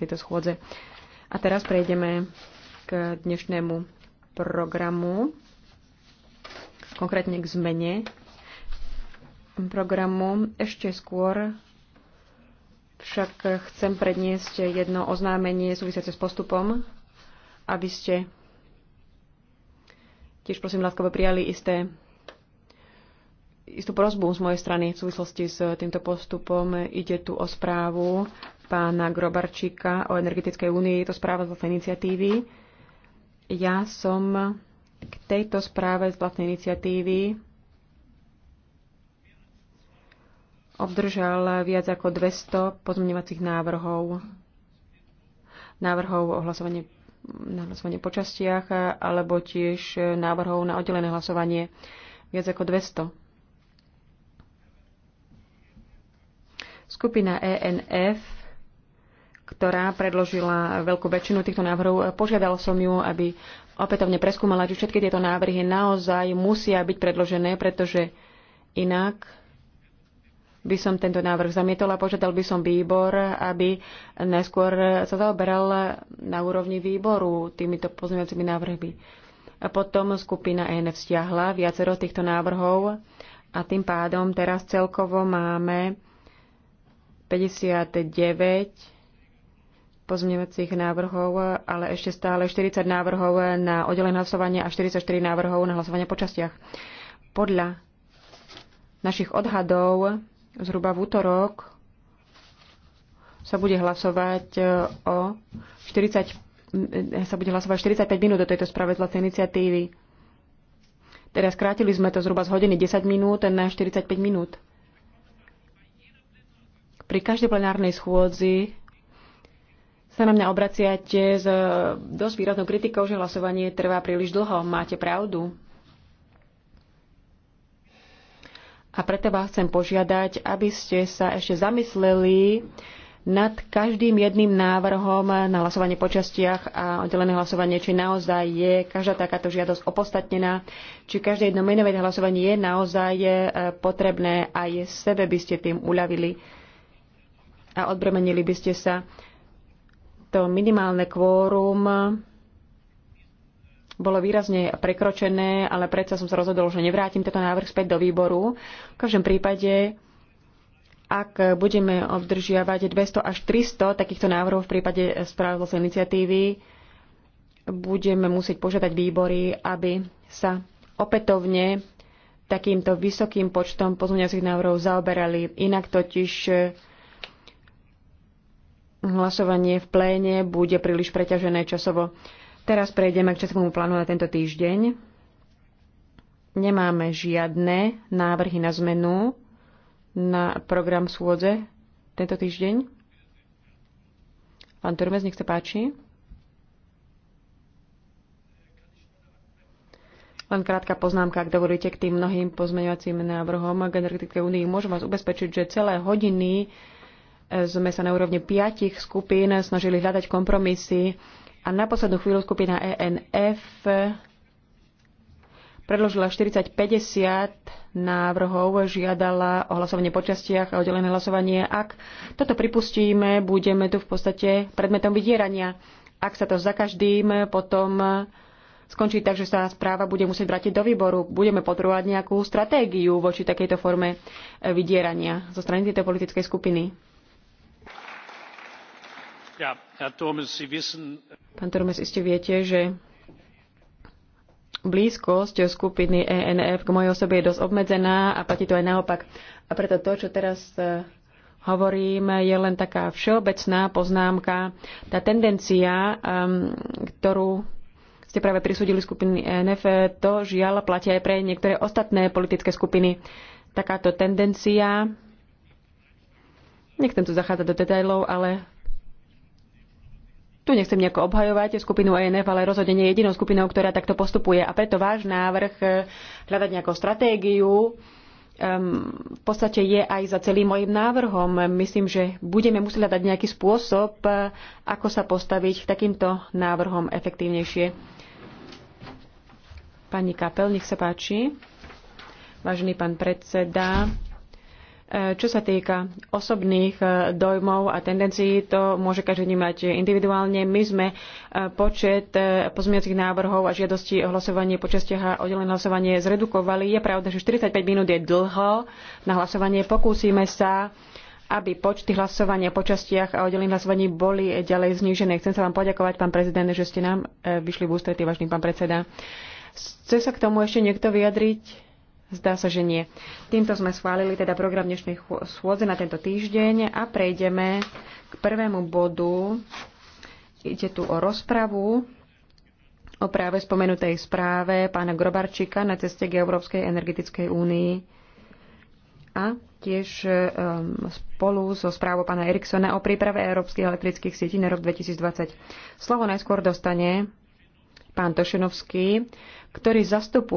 tejto schôdze. A teraz prejdeme k dnešnému programu, konkrétne k zmene programu. Ešte skôr však chcem predniesť jedno oznámenie súvisiace s postupom, aby ste tiež prosím láskavo prijali isté istú prozbu z mojej strany v súvislosti s týmto postupom. Ide tu o správu pána Grobarčíka o energetickej únii. Je to správa z vlastnej iniciatívy. Ja som k tejto správe z vlastnej iniciatívy obdržal viac ako 200 pozmeňovacích návrhov návrhov o hlasovanie na hlasovanie po častiach alebo tiež návrhov na oddelené hlasovanie viac ako 200. Skupina ENF ktorá predložila veľkú väčšinu týchto návrhov. Požiadal som ju, aby opätovne preskúmala, či všetky tieto návrhy naozaj musia byť predložené, pretože inak by som tento návrh zamietol a požiadal by som výbor, aby najskôr sa zaoberal na úrovni výboru týmito pozmeňujúcimi návrhmi. A potom skupina ENF stiahla viacero týchto návrhov a tým pádom teraz celkovo máme 59 pozmeňovacích návrhov, ale ešte stále 40 návrhov na oddelené hlasovanie a 44 návrhov na hlasovanie po častiach. Podľa našich odhadov zhruba v útorok sa bude hlasovať e, o 40, e, sa bude hlasovať 45 minút do tejto správe zlaté iniciatívy. Teraz skrátili sme to zhruba z hodiny 10 minút na 45 minút. Pri každej plenárnej schôdzi sa na mňa obraciate s e, dosť výraznou kritikou, že hlasovanie trvá príliš dlho. Máte pravdu. A preto vás chcem požiadať, aby ste sa ešte zamysleli nad každým jedným návrhom na hlasovanie po častiach a oddelené hlasovanie, či naozaj je každá takáto žiadosť opostatnená, či každé jedno menové hlasovanie je naozaj e, potrebné a je sebe by ste tým uľavili a odbremenili by ste sa to minimálne kvórum bolo výrazne prekročené, ale predsa som sa rozhodol, že nevrátim tento návrh späť do výboru. V každom prípade, ak budeme obdržiavať 200 až 300 takýchto návrhov v prípade správodlosti iniciatívy, budeme musieť požiadať výbory, aby sa opätovne takýmto vysokým počtom pozmeňovacích návrhov zaoberali. Inak totiž hlasovanie v pléne bude príliš preťažené časovo. Teraz prejdeme k časovému plánu na tento týždeň. Nemáme žiadne návrhy na zmenu na program schôdze tento týždeň. Pán Turmes, nech sa páči. Len krátka poznámka, ak dovolíte, k tým mnohým pozmeňovacím návrhom k energetickej únii. Môžem vás ubezpečiť, že celé hodiny sme sa na úrovni piatich skupín snažili hľadať kompromisy a na poslednú chvíľu skupina ENF predložila 40-50 návrhov, žiadala o hlasovanie po častiach a oddelené hlasovanie. Ak toto pripustíme, budeme tu v podstate predmetom vydierania. Ak sa to za každým potom skončí tak, že sa správa bude musieť vrátiť do výboru. Budeme potrebovať nejakú stratégiu voči takejto forme vydierania zo strany tejto politickej skupiny. Pán Turmes, iste viete, že blízkosť skupiny ENF k mojej osobe je dosť obmedzená a platí to aj naopak. A preto to, čo teraz e, hovorím, je len taká všeobecná poznámka. Tá tendencia, ktorú ste práve prisúdili skupiny ENF, to žiaľ platia aj pre niektoré ostatné politické skupiny. Takáto tendencia, nechcem tu zachádzať do detailov, ale tu nechcem nejako obhajovať skupinu ENF, ale rozhodne nie jedinou skupinou, ktorá takto postupuje. A preto váš návrh eh, hľadať nejakú stratégiu ehm, v podstate je aj za celým mojim návrhom. Myslím, že budeme musieť hľadať nejaký spôsob, eh, ako sa postaviť k takýmto návrhom efektívnejšie. Pani Kapel, nech sa páči. Vážený pán predseda, čo sa týka osobných e, dojmov a tendencií, to môže každý vnímať individuálne. My sme e, počet e, pozmiacich návrhov a žiadostí o hlasovanie počas častiach a oddelené hlasovanie zredukovali. Je pravda, že 45 minút je dlho na hlasovanie. Pokúsime sa aby počty hlasovania po častiach a oddelených hlasovaní boli ďalej znížené. Chcem sa vám poďakovať, pán prezident, že ste nám vyšli v ústretí, vážny pán predseda. Chce sa k tomu ešte niekto vyjadriť? Zdá sa, že nie. Týmto sme schválili teda program dnešnej schôdze na tento týždeň a prejdeme k prvému bodu. Ide tu o rozpravu o práve spomenutej správe pána Grobarčíka na ceste k Európskej energetickej únii a tiež um, spolu so správou pána Eriksona o príprave európskych elektrických sietí na rok 2020. Slovo najskôr dostane pán Tošenovský, ktorý zastupuje